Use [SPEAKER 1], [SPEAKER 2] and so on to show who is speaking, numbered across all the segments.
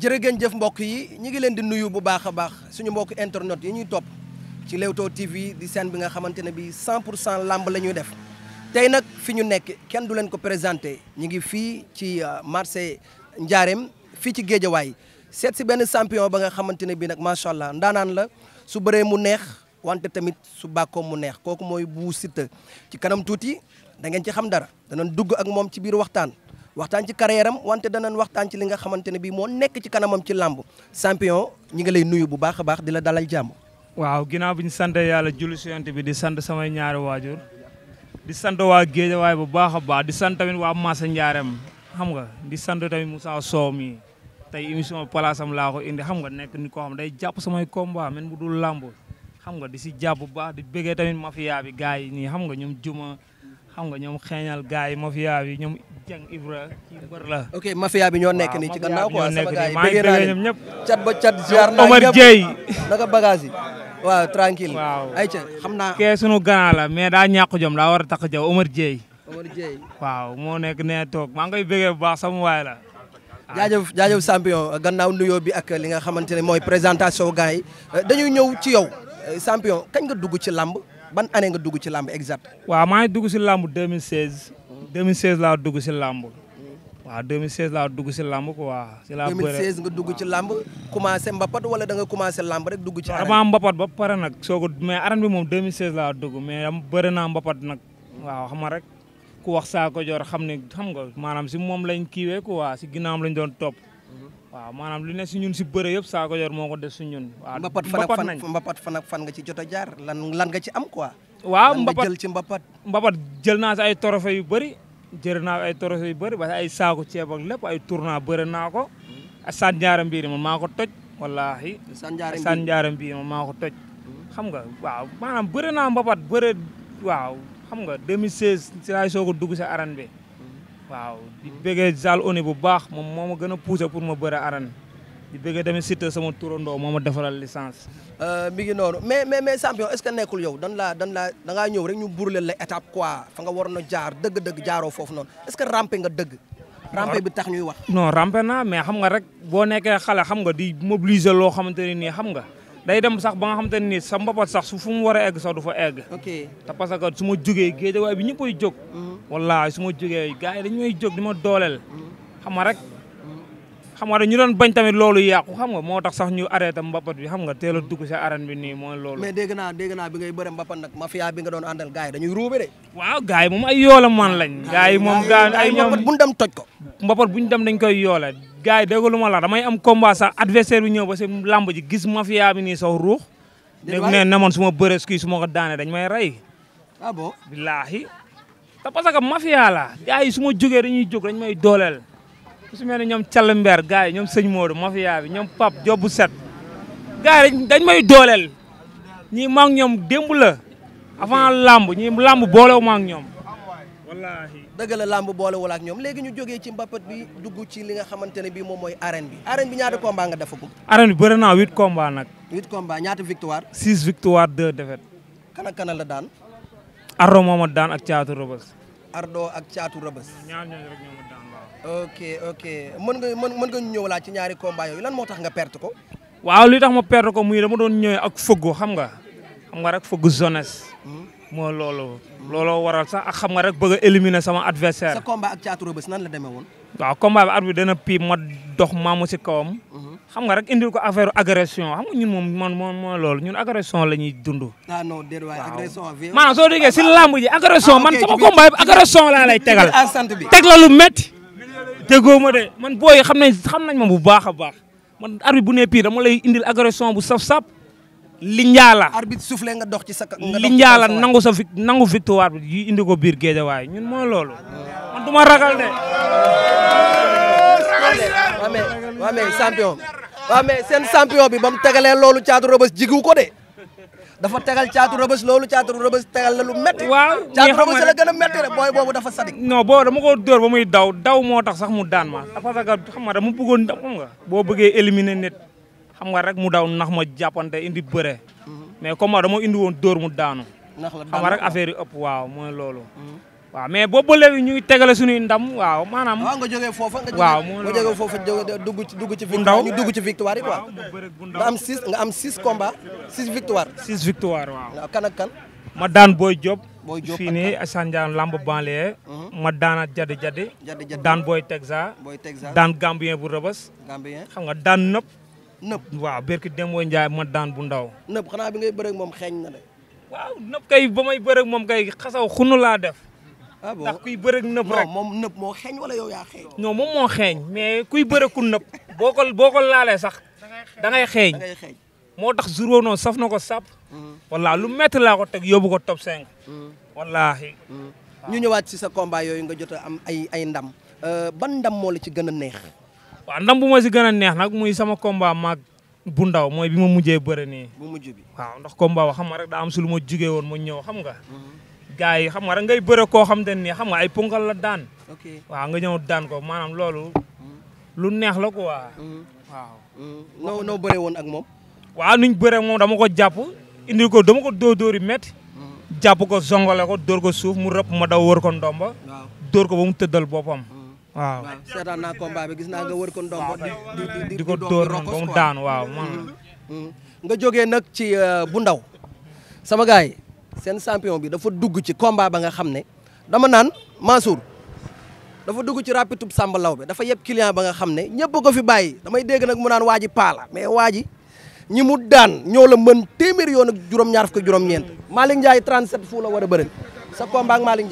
[SPEAKER 1] jërëgeen jëf mbokk yi ñu ngi leen di nuyu bu baax a baax suñu mbokk internet yi ñuy topp ci Leewtoo TV di seen bi nga xamante ne bi 100 pour cent làmb la ñuy def tey nag fi ñu nekk kenn du leen ko présenté ñu ngi fii ci euh, marché Njaareem fii ci Géejawaay seet si benn champion ba nga xamante ne bi nag macha allah ndaanaan la su baree mu neex wante tamit su bàkkoo mu neex kooku mooy Bou Siteu ci kanam tuuti da ngeen ci xam dara danan dugg ak moom ci biir waxtaan waxtaan ci carrière am wante danañ waxtaan ci li nga xamante ne bii moo nekk ci kanamam ci làmb champion ñi ngi lay nuyu bu baax a baax di la dalal jàmm.
[SPEAKER 2] waaw ginnaaw bi ñu sant yàlla julli si yonent bi di sant samay ñaari waajur di sant waa Géejawaay bu baax a baax di sant tamit waa Massa Ndiarème xam nga di sant tamit Moussa Sow mii tey émission place laa ko indi xam nga nekk ni ko xam day jàpp samay combat même bu dul làmb xam nga di si jàpp bu baax di bëggee tamit mafia bi gars yi nii xam nga ñoom juma xam nga ñoom xeeñal gars yi mafia bi la. ok bi ñoo nekk nii ci gannaaw quoi sama ñëpp cat ba cat ziar naa Omar xam naa kee sunu mais daa ñàkk jom daa war a tax
[SPEAKER 1] jaw Omar Dieye waaw moo nekk nee toog maa ngi koy bëggee bu baax sama waay la jaajëf jaajëf champion gannaaw nuyoo bi ak li nga xamante ne mooy présentation gars yi euh, dañuy ñëw ci yow euh, champion kañ nga dugg ci làmb ban année nga dugg ci làmb exact waaw maa ngi dugg
[SPEAKER 2] si làmb 2016. 2016 laa dugg si làmb. waaw 2016 dugg si làmb quoi.
[SPEAKER 1] si laa bëre nga dugg ci làmb commencé mbapat wala da nga commencé làmb rek dugg ci. avant ba
[SPEAKER 2] pare nag soo ko mais arène bi moom 2016 laa dugg mais am bëri naa mbapat nag. waaw xam rek ku wax saa ko joor xam ne xam nga maanaam si moom lañ kiiwee quoi si ginnaawam lañ doon topp. waaw maanaam lu ne si ñun si bëre yëpp Saako Yor moo ko des si ñun. waaw mbapat fan ak
[SPEAKER 1] mbapat fan ak fan nga ci jot a jaar lan lan nga ci am quoi. waaw mbapat jël
[SPEAKER 2] ci mbapat. mbapat jël naa si ay trophée yu bëri jël naa ay trophée yu bëri ba que ay saako ceeb ak lépp ay tournoi bëri naa ko. ak hmm. Sane Ndiara Mbir man maa ko toj. wallaahi
[SPEAKER 1] ay Ndiara
[SPEAKER 2] Mbir man maa ko toj. Hmm. xam nga waaw maanaam bëri naa mbapat bëri waaw xam nga 2016 si laay soog a dugg si arène bi. waaw di bëggee Zal Oni bu baax moom moo ma
[SPEAKER 1] gën a poussé pour ma bëre arène di bëggee tamit Siteu sama turandoo moo ma defaral licence. Euh, mi ngi noonu mais mais mais champion est-ce nekkul yow dan laa dan laa da ngaa ñëw rek ñu burleel la étape quoi fa nga waroon a jaar dëgg-dëgg jaaroo foofu noonu est-ce que rampé nga dëgg. rampé bi tax ñuy wax. non
[SPEAKER 2] rampé naa mais xam nga rek boo nekkee xale xam nga di mobiliser loo xamante ne nii xam nga. day dem sax ba nga xamante ne nii sa mbapat sax su fu mu war a egg ma jugee géejawaay bi ñëppay jóg. Mm-hmm. wallaahi su ma jógee gars yi dañu may jog di ma dooleel xam nga rek xam nga dañu doon bañ tamit loolu yàqu xam nga moo tax sax ñu arrêté mbapat bi xam nga teel a dugg si arène bi nii mooy loolu. mais
[SPEAKER 1] dégg naa dégg naa bi ngay bëre mbapat nag mafia bi nga doon àndal gars yi dañuy ruube de. waaw
[SPEAKER 2] gars yi moom ay yoola man lañ. gars moom gars ay ñoom mbapat bu ñu dem toj ko. mbapat bu ñu dem dañ koy yoole gars yi dégg lu ma la damay am combat sax adversaire bi ñëw ba si làmb ji gis mafia bi nii sax ruux. dégg na man su ma bëree kii su ma ko daane dañ may rey. ah bon billaahi te parce que mafia la gars yi su ma jógee dañuy jóg dañ may dooleel su mel ne ñoom Thial Mber gars yi ñoom sëñ Modou mafia bi ñoom Pape Diop set gars yi dañ may dooleel ñii maa ngi ñoom démb la lambu làmb ñii làmb boole wu ngi ñoom.
[SPEAKER 1] wallaahi dëgg la làmb boolewul ak ñoom léegi ñu jógee ci mbapat bi dugg ci li nga xamante ne bii moom mooy arène bi arène bi ñaata combat nga defagum.
[SPEAKER 2] arène bi bëri naa huit combat nag.
[SPEAKER 1] huit combat ñaata victoire.
[SPEAKER 2] six victoire deux défaite.
[SPEAKER 1] kan ak la daan.
[SPEAKER 2] Ardo moo ma daan ak caatu rëbës.
[SPEAKER 1] Ardo ak caatu rëbës. ñaar ñooñu rek ñoo ok ok mën nga mën mën nga ñëw laa ci ñaari combat yooyu lan moo tax nga perte ko.
[SPEAKER 2] waaw li tax ma perte ko mu muy dama doon ñëwee ak
[SPEAKER 1] fëggu xam nga
[SPEAKER 2] xam nga rek fëggu jeunesse. Hmm? moo loolu. looloo waral sax ak xam nga rek bëgg a éliminer sama adversaire. sa
[SPEAKER 1] combat nan la demee woon.
[SPEAKER 2] waaw combat bi at bi dana pii ma dox maamu si kawam. Mhm. xam nga rek indil ko affaire agression xam nga ñun moom man moom mooy loolu ñun agression la ñuy dund.
[SPEAKER 1] ah non déedéet waaye agression. waaw maanaam soo déggee si lamb ji agression ah, man sama combat bi agression laa lay tegal. teg la lu
[SPEAKER 2] métti. déggoo ma de man booy xam nañ xam nañ ma bu baax a baax man at bu ne pii dama lay indil agression bu saf-saf. li njaala
[SPEAKER 1] arbitre soufflé nga dox ci sa li njaala
[SPEAKER 2] nangu sa fit nangu victoire bi yi indi ko biir géejawaay ñun moo loolu
[SPEAKER 1] ma ragal de. waaw mais waaw mais seen champion bi ba mu tegalee loolu caatu rëbës jigu ko de dafa tegal caatu rëbës loolu caatu rëbës tegal la lu métti. waaw caatu rëbës la gën
[SPEAKER 2] a métti rek booy boobu dafa sadik. non boobu dama ko dóor ba muy daw daw moo tax sax mu daan ma parce que xam nga dama bëggoon xam nga boo bëggee éliminer nit. xam nga rek mu daw nax ma jàppante indi bëre. Mm-hmm. mais comme dama indi woon dóor mu daanu.
[SPEAKER 1] ndax la xam nga rek affaire
[SPEAKER 2] yi ëpp waaw mooy loolu. Mm-hmm. waaw mais boo ba léegi ñuy tegale suñuy ndam waaw maanaam. waaw
[SPEAKER 1] nga jógee foofa nga jógee foofa dugg ci dugg ci. bu ndaw ñu dugg ci victoire yi quoi. nga am six nga am six combats six victoire. six victoire waaw. ma daan Boy Diop. Boy Diop fii nii Sandiane
[SPEAKER 2] lamb banlieue. Mm-hmm. ma daana jadi jadi. jadi jadi daan Boy Texas. Boy Texas daan Gambien bu rëbës. Gambien xam nga daan nëpp. nëb waaw dem Demba Ndiaye ma daan bu ndaw.
[SPEAKER 1] nëb xanaa moom xeeñ na de. waaw kay ba may bëreeg moom kay xasaw xunu laa def. ah kuy bëreeg nëb rek moom nëb moo xeeñ wala yow yaa xeeñ. xeeñ mais kuy
[SPEAKER 2] bëreeg ku nëb. boo ko boo ko laalee sax. da ngay xeeñ ngay xeeñ. moo tax jour boobu saf na ko sàpp. Mm-hmm.
[SPEAKER 1] wallaahi lu métti laa ko teg yobu ko top 5.
[SPEAKER 2] Mm-hmm. wallaahi. Mm-hmm.
[SPEAKER 1] ñu ñëwaat si sa combat yooyu nga jot am ay ay ndam. Euh, ban ndam moo la ci gën a neex.
[SPEAKER 2] waa ndam bu ma si gën a neex nag muy sama combat maag bu ndaw mooy bi ma mujjee bëre nii. bu mujj bi waaw ndax combat xam ma rek daa am su lu ma jugee woon ma ñëw xam nga. Mhm. gars yi xam nga rek ngay bëre koo xam te nii xam nga ay ponkal la daan. waaw nga ñëw daan ko maanaam loolu. Mhm. lu neex la ko mhm. waaw. noo noo woon ak moom. waaw nuñ bëre moom dama ko jàpp indi ko dama ko dóor dóor yi métti. jàpp ko zongale ko dóor ko suuf mu rëpp ma daw wër ko ndomba. dóor ko ba mu tëddal boppam. waaw
[SPEAKER 1] seetaan naa combat bi gis naa nga wër ko ndombo di di ko dóor ba mu daan waaw man mm. mm. nga jógee nag ci euh, bu ndaw sama gars yi seen champion bi dafa dugg ci combat ba nga xam ne dama naan Mansour dafa dugg ci rapitub Samba Law bi dafa yeb client ba nga xam ne ñëpp ko fi bàyyi damay dégg nag mu naan waa ji paala mais waaji ji ñi mu daan ñoo la mën téeméer yoon ak juróom-ñaar fukk juróom-ñeent Malick Ndiaye 37 fu la war a bëri sa combat ak Malick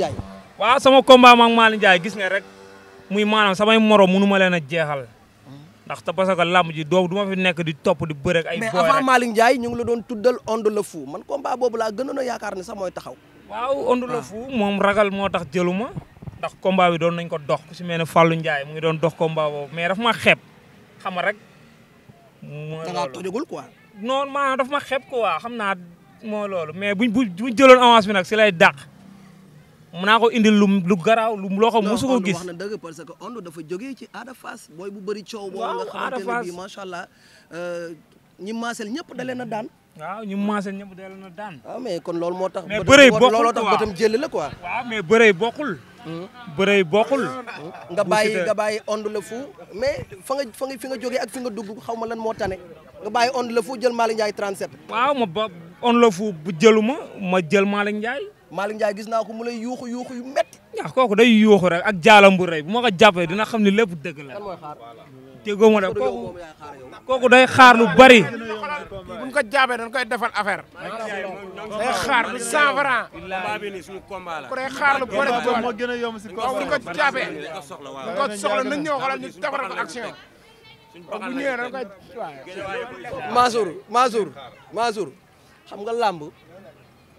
[SPEAKER 2] waaw sama combat ak Malick gis nga rek muy maanaam samay morom mënu ma leen a jeexal ndaxte parce que làmb ji doo du ma fi nekk di topp di bëre ak ay mais avant Malick
[SPEAKER 1] Ndiaye ñu ngi la doon tuddal Onde le Fou man combat boobu laa gënoon a yaakaar ne sax mooy taxaw waaw Onde le ah. Fou moom ragal
[SPEAKER 2] moo tax jëluma ndax combat bi doon nañ ko dox ku si mel ne Fallou Ndiaye mu ngi doon dox combat boobu mais daf ma xeeb xam nga rek da ngaa tojagul daf ma xeeb quoi xam naa moo loolu mais buñ bu jëloon avance bi nag si lay dàq mun naa ko indil lu lu garaaw lu loo xam mosu ko gis. wax na
[SPEAKER 1] dëgg parce que Onde dafa jógee ci Ada Fass booy bu bëri coow. waaw Ada Fass boobu nga euh, ñi maasel ñëpp dalee na daan. waaw ñu maasel ñëpp dalee na daan. waaw ah, mais kon loolu moo tax. mais bërëy bokkul looloo tax bëtam jëli la
[SPEAKER 2] quoi. waaw mais bërëy bokkul. Hmm? bërëy bokkul. Hmm?
[SPEAKER 1] nga bàyyi nga bàyyi Onde la fu fa nga fa nga fi nga jógee ak nga dugg xaw ma lan moo tane nga bàyyi Onde la fu jël Malick Ndiaye 37. waaw ma ba Onde la fu jëluma ma jël Malick Ndiaye Malick Ndiaye gis naa ko mu lay yuuxu yuuxu
[SPEAKER 2] yu metti waaw kooku day yuuxu rek ak jaalam bu rey bu ma ko jàppee dina xam ne lépp dëgg la déggoo ma de kooku kooku day xaar lu bari buñ ko jàppee dañ koy defal affaire day xaar lu cent franc ku day xaar lu bari moo
[SPEAKER 1] gën a yomb si kooku buñ ko jàppee buñ ko soxla nañ ñëw xoolal ñu defaral ko action bu ñëwee dañ koy Mansour Mansour nga làmb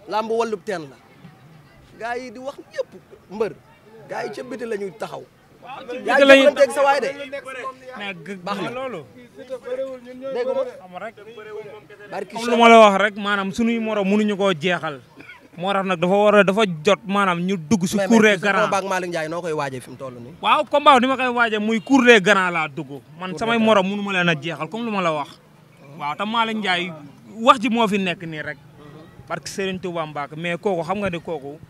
[SPEAKER 1] làmb teen la gaa yi di wax ñëpp mbër gaa yi ca biti la ñuy taxaw. yaa ngi jëflanteeg sa waay de. baax na
[SPEAKER 2] dégg nga barki lu ma la wax rek maanaam sunuy morom mënuñu koo jeexal. moo tax nag dafa war a dafa jot maanaam ñu dugg si cour des grands mais mais Malick
[SPEAKER 1] Ndiaye noo koy waajee fi mu toll nii.
[SPEAKER 2] waaw combat ni ma koy waajee muy cour des grands laa dugg. man samay morom mënu ma leen a jeexal comme lu ma la wax. waaw te Malick Ndiaye wax ji moo fi nekk nii rek. parce mhm. que Serigne Touba Mbacke mais kooku xam nga ne kooku.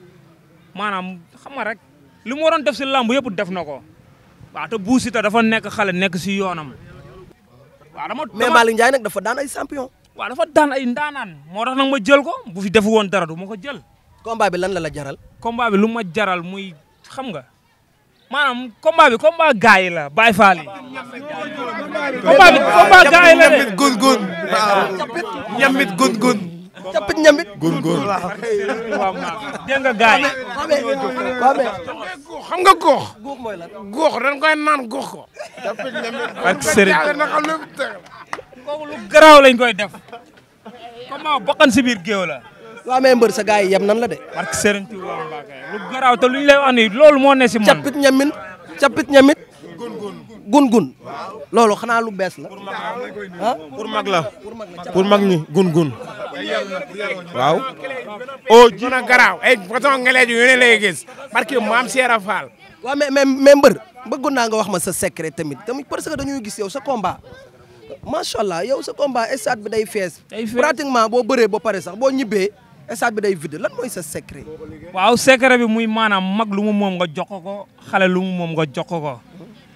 [SPEAKER 2] maanaam xam nga rek li mu waroon def si làmb yëpp def na ko waaw te Bou Siteu dafa nekk xale nekk si yoonam.
[SPEAKER 1] waaw dama mais Malick Ndiaye nag dafa daan ay champion. waaw dafa daan ay ndaanaan
[SPEAKER 2] moo tax ma jël ko bu fi defu woon dara du ma ko jël. combat bi lan la la jaral. combat bi lu ma jaral muy xam nga maanaam combat bi combat gars yi la Baye Fall yi. combat bi combat gars yi la de.
[SPEAKER 1] ñamit capit ñambit góorgóorlu waaw. dégg nga gars yi. xam nga góox. góox mooy lan góox dañ koy naan góox ko.
[SPEAKER 2] capit ñambit ak sëriñ kooku lu garaaw lañ koy def.
[SPEAKER 1] comment si biir géew la. waa mais mbër sa gars la de. parce que loolu moo ne si man. capit gun-gun. loolu xanaa lu bees la. ah pour mag la pour mag ñi gun-gun. waaw. oo oh, ji na garaaw ngeleej yu ne lay gis parce que maam Seera Fall. waaw naa nga wax ma sa secret tamit tamit parce que dañuy gis yow sa combat. macha allah yow sa combat stade bi day fees. pratiquement boo bëree ba pare sax boo ñibbee stade bi day vide lan mooy waaw secret bi muy maanaam
[SPEAKER 2] mag lu mu moom nga jox ko lu mu moom nga jox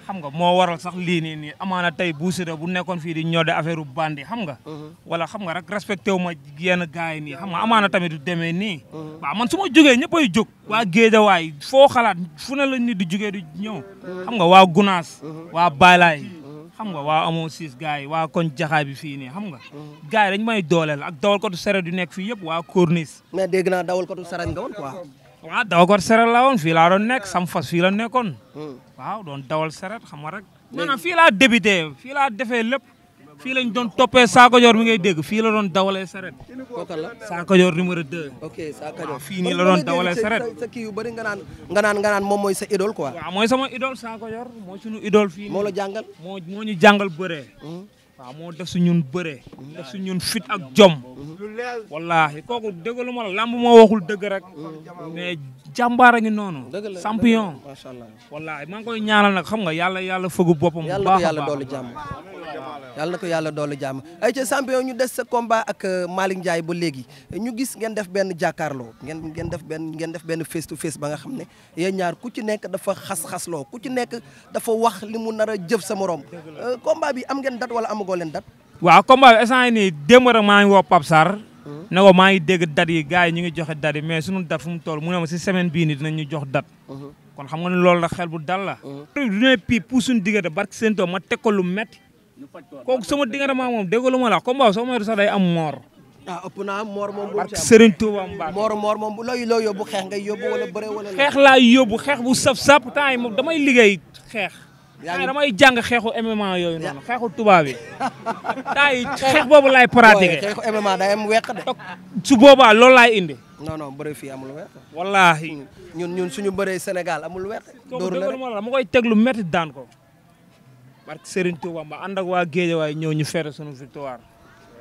[SPEAKER 2] xam nga moo waral sax lii nii nii amaana tey Bou Siteu bu nekkoon fii di ñodde affaire u bandi xam nga mhm. wala xam nga rek respecté wu ma yenn gars yi nii xam nga mhm. amaana tamit du demee nii mhm. waaw man su ma jógee ñëpp ay jóg waa Géejawaay foo xalaat fu ne la nit di jugee di ñëw xam nga waa Gunaas waa Baylaay xam nga waa amoo siis gars yi waa koñ jaxaay bi fii nii xam nga gars yi dañ may dooleel ak kotu saret du nekk fii yëpp waa Corniche
[SPEAKER 1] mais dégg naa dawal kotu nga woon quoi waaw
[SPEAKER 2] dawakot seret la woon fii laa doon nekk ah. sam fas fii la nekkoon
[SPEAKER 1] hmm. waaw doon dawal seret xam nga rek maanaam fii laa
[SPEAKER 2] débuté fii laa defee lépp fii lañ doon toppee Sakajoor mi ngay dégg fii la doon dawalee seret
[SPEAKER 1] kooka la Sakajoor numéro 2 ok Sakajoor fii nii la doon dawalee seret sa kii yu bëri nga naan nga naan nga naan moom mooy sa idole quoi waaw mooy sama idole Sakajoor moo suñu idole fii moo la jàngal moo
[SPEAKER 2] moo ñu jàngal bëree hmm. waaw moo def su ñun bëree. def su ñun fit ak jom. wallaahi kooku dëggalu ma la lamb moo waxul dëgg rek. mais jàmbaar a ngi noonu. dëgg la champion. macha allah wallaahi maa ngi ñaanal nag xam nga yàlla yàlla fëggu boppam. bu baax a baax
[SPEAKER 1] jàmm. yàlla ko yàlla doolu jàmm. ay ca ñu des sa combat ak euh, Malick ba léegi ñu gis ngeen def benn jàkkaarloo ngeen ngeen def benn ngeen def benn face to ba nga xam ne yéen ñaar ku ci nekk dafa xas-xasloo ku ci nekk dafa wax li mu nar a jëf sa moroom euh, combat bi am ngeen date wala am amagoo leen date.
[SPEAKER 2] waaw combat maa ngi woo Pape Sarr. Hmm. ne maa ngi dégg date yi gars yi ñu ngi joxe date yi mais suñu mu toll mu ne ma si semaine bii nii dinañ ñu jox date. Hmm. kon xam nga ne loolu la xel bu dal la. du hmm. ne pii pour suñu diggante barke seen tool ma teg ko lu métti. kooku sama diggante maa moom déglu ma la combat soo moytu sax day am moor.
[SPEAKER 1] ah ëpp naa moor moom bu ci am Serigne Touba Mbacke moor moor moom looy loo yóbbu xeex ngay yóbbu wala bëre wala. xeex laa
[SPEAKER 2] yóbbu xeex bu saf saf temps yi moom damay liggéey
[SPEAKER 1] yaa ngi damay jàng xeexu MMA
[SPEAKER 2] yooyu noonu xeexu tubaab yi.
[SPEAKER 1] taay xeex boobu laay pratiquer. xeexu MMA su boobaa loolu laay indi. non non fii amul weq. wallaahi. ñun suñu bëree Sénégal amul weq. dooru la rek la ma koy teg lu métti daan ko. parce
[SPEAKER 2] waa Guédiawaye ñëw ñu fere suñu victoire.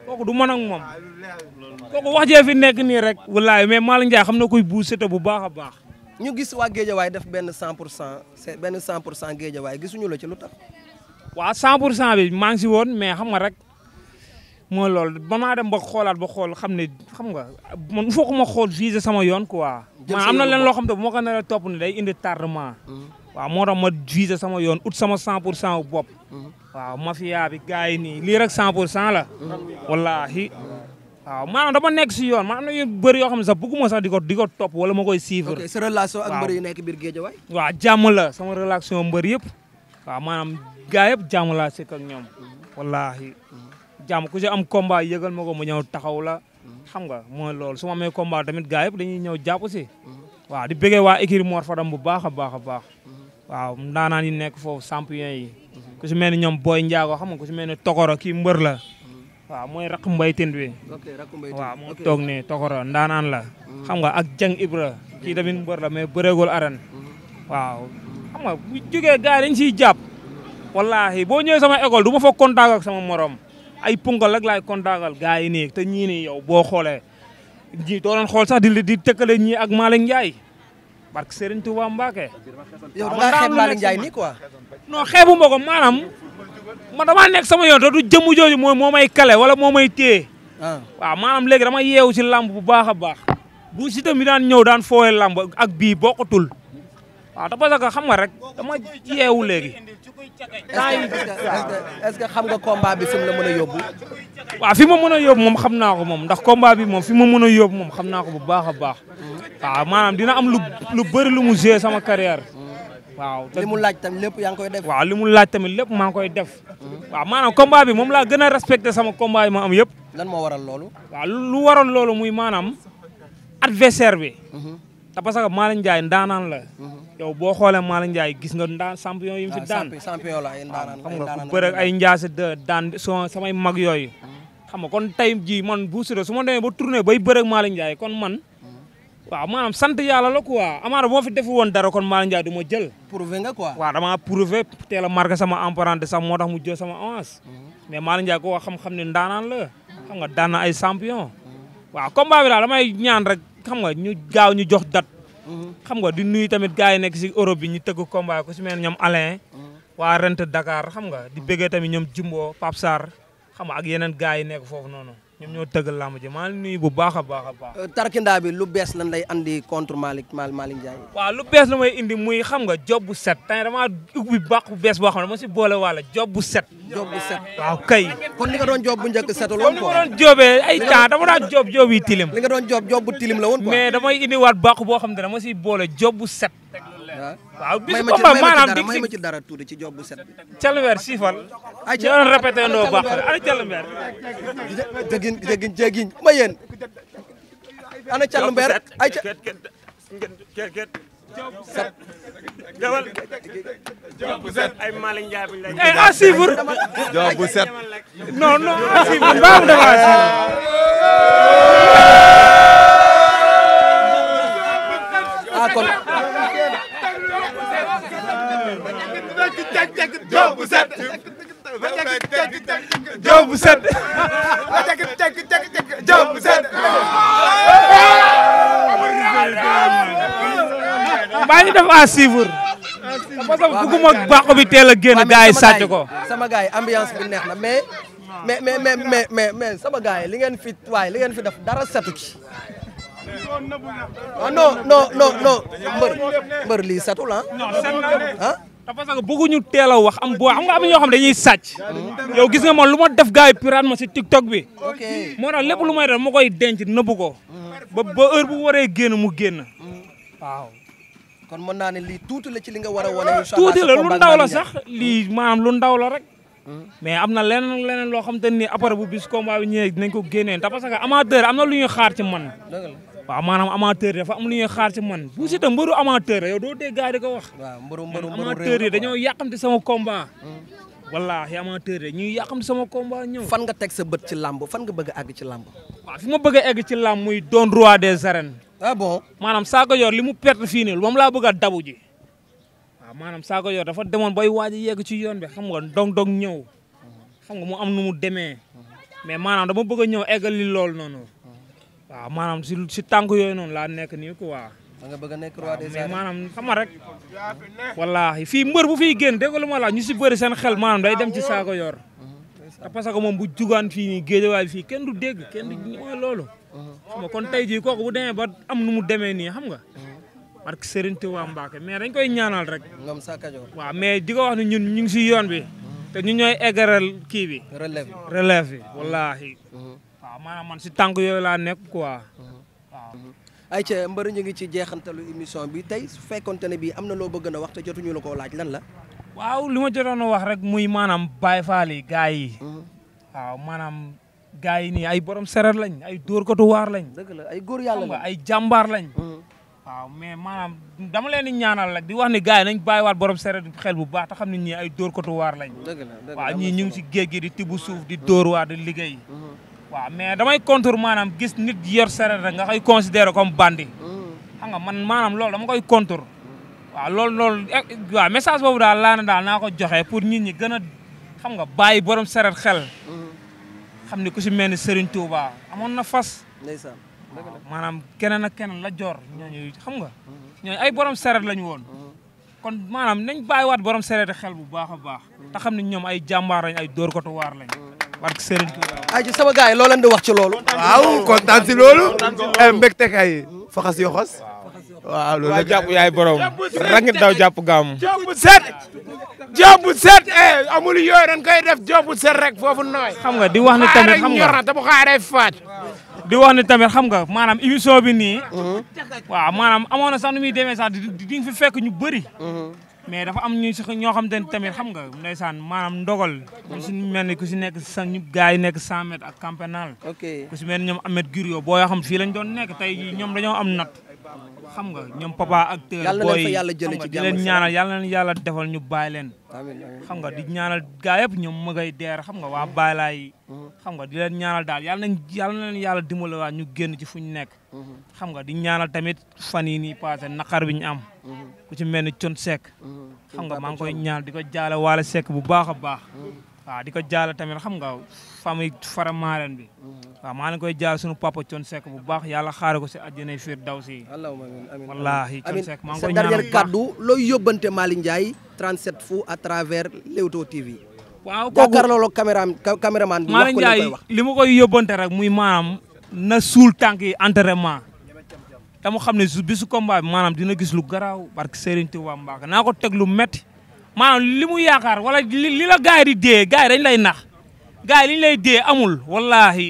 [SPEAKER 1] du mën ak
[SPEAKER 2] wax jee nekk nii rek. wallaahi mais Malick xam na koy buusate bu baax a baax.
[SPEAKER 1] ñu gis waa géejawaay def benn 100 pour cent c'est benn 100 pour cent géejawaay gisuñu la ci lu tax. waaw 100
[SPEAKER 2] pour cent bi maa ngi si woon mais xam nga rek moo loolu ma maa dem ba xoolaat ba xool xam ne xam nga man foo ma xool visé sama yoon quoi. ma am na leen loo xam te bu ma ko nar top topp ne day indi tardement. Mm-hmm. waaw moo tax ma visé sama yoon ut sama 100 pour cent bop mm-hmm. waaw ma bi gars yi nii lii rek 100 pour cent la. Mm-hmm. wallaahi. waaw maanaam dama nekk si yoon ma am na yu bëri yoo xam ne sax bëgguma sax di ko di ko topp wala ma koy suivre. ok sa relation ak mbër yi
[SPEAKER 1] nekk biir géejawaay.
[SPEAKER 2] waaw jàmm la sama relation mbër yëpp. waaw maanaam gars yëpp jàmm laa sekk ak ñoom. wallaahi jàmm ku si am combat yëgal ma ko mu ñëw taxaw la. xam nga mooy loolu su ma amee combat tamit gars yëpp dañuy ñëw jàpp si. waaw di bëggee waa écurie Mor Fadam bu baax a baax a baax. waaw ndaanaan yi nekk foofu champion yi. ku si mel ni ñoom Boy Ndiago xam nga ku si mel ni Tokoro kii mbër la. waaw mooy rakk mbay tënd bi waaw moo toog ne tokoro ndaanaan la mm. xam nga ak jang ibra kii tamit mbër la mais bëreegul aran mm. waaw xam nga bu jógee gars yi dañ siy jàpp wallaahi boo ñëwee sama école du ma fa contact sama morom ay pungal la laay contactal gars yi nii te ñii nii yow boo xoolee ñii doo xool sax di di tëkkale ñii ak Malick Ndiaye barke Serigne Touba Mbacke
[SPEAKER 1] yow xeeb Malick Ndiaye
[SPEAKER 2] man damaa nekk sama yoon te du jëmm jooju mooy moo may kale wala moo may téye. Ah. waaw maanaam léegi dama yeewu si làmb bu baax a baax. bu Siteu mi daan ñëw daan fooyee làmb ak bii bokkutul. waaw te parce que xam nga rek dama yeewu léegi. est xam nga combat fi mu la mën a yóbbu. waaw ma mën a yóbbu moom xam naa ko moom ndax combat bi moom fi ma mën a yóbbu moom xam naa ko bu baax a baax. waaw maanaam dina am lu lu bëri lu mu gée sama carrière. waaw li mu laaj tamit lépp yaa ngi koy def. waaw li mu laaj lépp maa ngi koy def. waaw maanaam combat bi moom laa gën a respecté sama combat ma am yëpp. lan moo waral loolu. waaw lu waral loolu muy maanaam adversaire bi. Mhm. te parce que Malick Ndiaye ndaanaan la. Mhm. yow boo xoolee Malick Ndiaye gis nga ndaan champion yi mu fi ah, daan
[SPEAKER 1] waaw champion la
[SPEAKER 2] ay ay njaasi de daan soo samay mag yooyu. Mhm. xam nga kon tey jii man bu su ma demee ba tourné bay bëre ak Malick Ndiaye kon man. waaw maanaam sant yàlla la quoi amaana boo fi defu woon dara kon Malick ma jël. prouvé nga quoi. waaw damaa prouvé teel a marqué sama empreinte sax moo tax mu jël sama avance. Mm-hmm. mais Malick Ndiaye ko wax xam-xam ne ndaanaan la. xam nga daan ay champion. waaw combat bi daal damay ñaan rek xam nga ñu gaaw ñu jox date. Mm-hmm. xam nga di nuyu tamit gars yi nekk si Europe bi ñu tëgg combat ku si mel ñoom Alain. Mm-hmm. waa rent dakaar xam nga. di bëggee tamit ñoom Jumbo Pape Sarr xam nga ak yeneen gars yi nekk foofu noonu. ñoom ñoo tëggal làmb ji maa ngi
[SPEAKER 1] bu baax a baax a baax. Euh, tarkindaa bi lu bees lan lay andi contre Malick Malick Ndiaye.
[SPEAKER 2] waa lu bees la may indi muy xam nga job bu set tey damaa ubbi bàq bu bees boo xam ne dama si boole wàlla job bu set. job bu set kay. kon li nga bu njëkk setul woon quoi kon li ma doon jobee ay temps dama daan li nga doon job job bu la woon quoi. mais damay indiwaat bàq boo xam ne dama si boole job bu set.
[SPEAKER 1] waaw bis bu combat maanaam dig may ci dara tuuti ci job bu set. Calmer siifal. ay ca ñu répété ndoo baax ana Calmer. jéggiin job set ay Malick Ndiaye jóob bu set.
[SPEAKER 2] jóob bu set. jóob bu set. maa ngi def à suivre.
[SPEAKER 1] parce que bëgguma
[SPEAKER 2] bàq bi teel a génn gars yi sàcc ko.
[SPEAKER 1] sama gars yi ambiance bi neex na mais. mais mais mais mais mais sama gars yi li ngeen fi waaye li ngeen fi def dara setu ci. Ah, non non non non mbër
[SPEAKER 2] mbër lii setul ah. ah. te parce que bëgguñu teel wax am boo xam nga am ñoo xam dañuy sàcc. yow gis nga man lu ma def gars yi pirate ma si TikTok bi. ok moo tax lépp lu may def ma koy denc nëbbu ko. ba ba heure bu waree génn mu génn.
[SPEAKER 1] mën naa ne lii tuuti la ci li nga war a wane. la lu ndaw la sax
[SPEAKER 2] lii maanaam lu ndaw la rek. mais am na leneen leneen loo xam te ni après bu bis combat bi ñëwee dinañ ko génnee te parce que amateur am na lu ñuy xaar ci man. waaw maanaam amateur dafa am lu ñuy xaar ci man bu si te mbëru amateur la yow doo
[SPEAKER 1] dégg gars yi di ko wax. waaw mbëru mbëru amateur
[SPEAKER 2] yi dañoo yàqamti sama combat. Hmm. wallaahi amateur yi ñuy yàqamti sama combat ñëw. fan nga teg sa bët ci làmb fan nga bëgg a àgg ci lamb waaw fi ma bëgg a egg ci làmb muy don roi des arènes. ah bon maanaam Sakho Dior li mu perte fii nii moom laa bëgg a ji. waaw maanaam saako yor dafa demoon bay waaj a yegg ci yoon bi xam nga dong-dong ñëw xam nga mu am nu mu demee mais maana dama bëgg a ñëw eggal li loolu noonu waaw maanaam si si tànk yooyu noonu laa nekk nii quoi. da a nekk roi des arènes mais maanaam xam nga rek. fii mbër bu fi génn dégg lu ma la ñu si bëri seen xel maanaam day dem ci saako yor. te parce moom bu jugaan fii nii géejawaay fii kenn du dégg kenn du mooy loolu. xam nga kon ba am nu mu demee nii xam nga. parce que Serigne Touba Mbacke mais dañ koy ñaanal rek. Ngom sa Kajoor. waaw mais di ko wax ne ñun ñu ngi si yoon bi. Mm-hmm. te ñu ñooy eggaral kii bi. relève bi relève bi mm-hmm. man si tànk yooy laa nekk quoi. Mm-hmm.
[SPEAKER 1] waaw. ayca mbër ñu ngi ci jeexantalu émission bi tey su fekkonte ne bii am na loo bëgg na wax te jotuñu la koo laaj lan la. waaw li ma jotoon wax rek muy maanaam Baye
[SPEAKER 2] Fall yi yi. waaw maanaam gars yi nii ay borom sereer lañ ay kotu waar lañ. dëgg ay góor yàlla lañ ay jàmbaar lañ. waaw mais maanaam dama leen di ñaanal rek di wax ni gars yi nañ waat borom seret xel bu baax te xam ne ay dóor kotu waar lañ waaw ñii ñu ngi si géej di tibu suuf di mm-hmm. dóor waar di liggéey mm-hmm. waaw mais damay contre maanaam gis nit yor seret rek nga koy considéré comme bandi mm-hmm. xam nga man maanaam loolu dama koy contour waaw loolu loolu eh, waaw message boobu daal laa ne daal naa ko joxe pour nit ñi gën a xam nga bàyyi borom seret xel xam ni ku si mel ni Serigne Touba amoon na fas ndeysaan maanaam keneen ak keneen la joor ñooñu xam nga ñooñu ay borom sareet lañu woon kon maanaam nañ bàyyiwaat borom sareet xel bu baax a baax te xam ne ñoom ay jàmbaar lañ
[SPEAKER 1] ay dóor ko tu waar lañ barke Serigne Touba ay ci sama gars yi loo leen di wax ci loolu waaw kontaan si eh, loolu mbégte kay faxas yoo xas
[SPEAKER 2] waaw loolu la jàpp yaay borom rangit daw jàpp gaamu jàpp set jàpp set eh, amul yooyu dañ koy def jàpp set rek foofu nooy xam nga di wax ne tamit xam nga ñor na te bu xaaree faat di wax ne tamit xam nga maanaam émission bi nii. Mhm. waaw maanaam amoon na sax nu demee sax di di fi fekk ñu bëri. Mhm. mais dafa am ñu si ñoo xam te ne tamit xam nga ndeysaan maanaam ndogal. ku si mel ni ku si nekk sa ñu gars yi nekk 100 mètres ak campenal. ok ku si mel ni ñoom Ahmed xam fii lañ doon nekk tey ñoom dañoo am nat. xam nga ñoom papa acteur booy di leen ñaanal yàlla leen yàlla defal ñu bàyyi leen xam nga di ñaanal gaa yëpp ñoom magay deer xam nga waa bàyyi laa mm-hmm. mm-hmm. xam nga di leen ñaanal daal yàlla nañ yàlla na leen yàlla dimbale waa ñu génn ci fu ñu nekk mm-hmm. xam nga di ñaanal tamit fan yi nii passé naqar bi ñu am ku ci mel ni con Seck xam nga maa koy ñaanal di ko jaale waale Seck bu baax a baax waaw di ko jaale tamit xam nga famille faramaaren bi mm-hmm. waaw maa ngi koy jaar suñu papa Thione bu baax yàlla xaare ko si àjjana fiir daw si wallaahi Thione Seck maa ngi koy ñaanal dernier kàddu
[SPEAKER 1] looy yóbbante Malick Ndiaye 37 Fou à travers Leewtoo TV waaw
[SPEAKER 2] ma rek na suul tànk yi entraînement dama xam ne bisu combat bi maanaam dina gis lu garaaw barke Serigne Touba Mbacke naa ko teg lu metti maanaam la gars dee gars yi lay nax gars yi lay dee amul wallaahi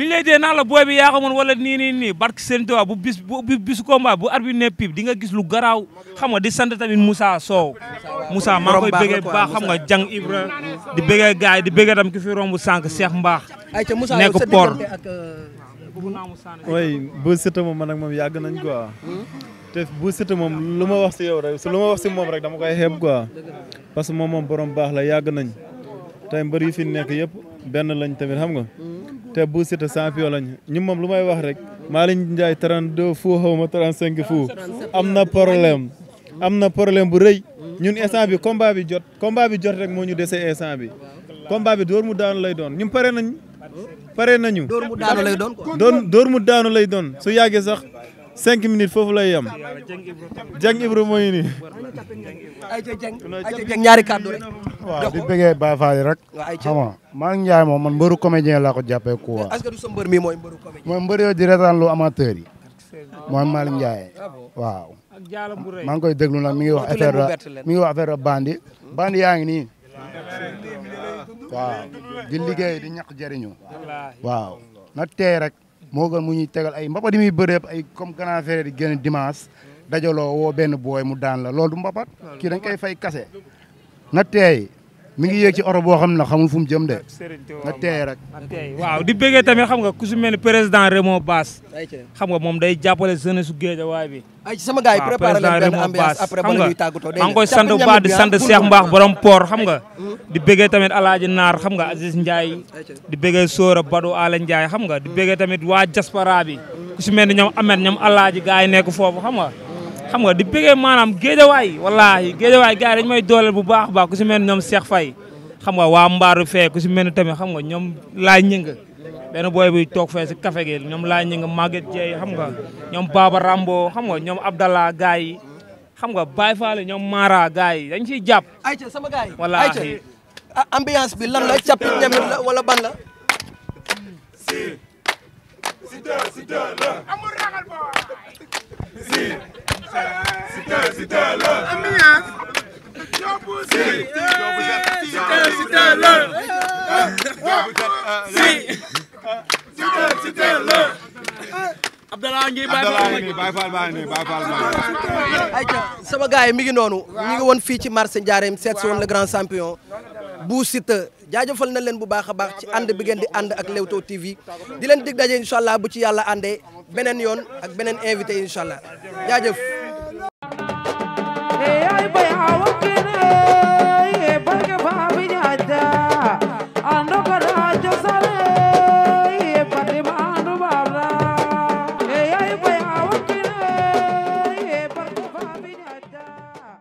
[SPEAKER 2] li dee naa la booy bi yaa xamoon wala nii nii nii barki seen bu bis bu bisu combat ne pib di nga gis lu garaaw xam nga di sant tamit Moussa soow Moussa maa koy bëggee baax xam nga jàng Ibra di bëggee gars yi di bëggee tam ki fi romb sànq Cheikh Mbaax
[SPEAKER 1] nekk port euh,
[SPEAKER 2] oui bu Siteu moom man ak moom yàgg nañ quoi te bu Siteu moom lu ma wax si yow rek lu ma wax si moom rek dama koy xeeb quoi parce que moom moom borom baax la yàgg nañ tey mbër yi fi nekk yëpp benn lañ tamit xam nga. te bu Siteu champion lañ ñu moom lu may wax rek. Malick Ndiaye 32 fu xaw ma 35 fu am na problème am na problème bu rey ñun instant bi combat bi jot combat bi jot rek moo ñu dese instant bi. combat bi door mu daanu lay doon ñun pare nañ pare nañu. dóor mu daanu lay doon quoi. doon daanu lay doon sax. cinq minutes foofu la yem. jàng Ibra mooy nii.
[SPEAKER 1] ayca jàng ñaari kàddu rek. waaw
[SPEAKER 2] di bëggee Baye rek. xam nga maa ngi Ndiaye moom man mbëru comédien laa ko jàppee kuwa. est
[SPEAKER 1] sa mbër mi mooy mbëru
[SPEAKER 2] comédien. mooy mbër yooyu di retaan lu amateur yi. mooy Malick ah, waaw.
[SPEAKER 1] maa ngi koy déglu nag mi ngi wax mi ngi wax affaire la bandi. bandi yaa ngi nii.
[SPEAKER 2] waaw di liggéey di ñàkk jëriñu. waaw na tey rek. moo gën mu ñuy tegal ay mbapat yi muy bëree ay comme grand frère di génn dimanche dajaloo woo benn booy mu daan la loolu du mbapat kii dañ koy fay kase na teey mi ngi yéeg ci oro boo xam ne xamul fu mu jëm de nga teey rek waaw di bëggee tamit xam nga ku si mel ni président Raymond Bass xam nga moom day jàppale jeunesse su Guédiawaye bi ay sama gars yi préparé leen benn ambiance après bala tàggatoo maa ngi koy sant bu baax di sant ah. Cheikh Mbaax borom Port xam nga mm-hmm. di bëggee tamit Alaaji Naar xam nga Aziz Ndiaye di bëggee Sora Badou Ala Ndiaye xam nga di bëggee tamit waa diaspora bi ku si mel ni ñoom Amet ñoom Alaaji gars yi nekk foofu xam nga xam nga di maanam maanaam géejawaay wallaahi géejawaay gars yi dañu may bu baax baax ku si mel ni ñoom Cheikh Faye xam nga waa mbaaru fee ku si mel ni tamit xam nga ñoom laa ñënga benn booy buy toog fee si café gi ñoom laa ñënga Maguette Dieye xam nga ñoom Baba Rambo xam nga ñoom Abdallah gars yi xam nga Baye Fall ñoom Mara gars yi dañ siy jàpp
[SPEAKER 1] ayca sama gars yi wallaahi ambiance bi lan la cappi ñamit la ban la Cité, cité le. Amiens.
[SPEAKER 2] Yóbbu si. Cité, cité le. si. Cité, le. Abdallah ngi Baye Fall baa ngi
[SPEAKER 1] Baye yi mi ngi noonu ñu ngi woon fii ci marché Ndiarème seet si woon le grand champion Bou Siteu jaajëfal na leen bu baax a baax ci ànd bi ngeen di ànd ak Leewtoo TV di leen dig daje incha allah bu ci yàlla àndee beneen yoon ak beneen invité incha allah jaajëf bay awa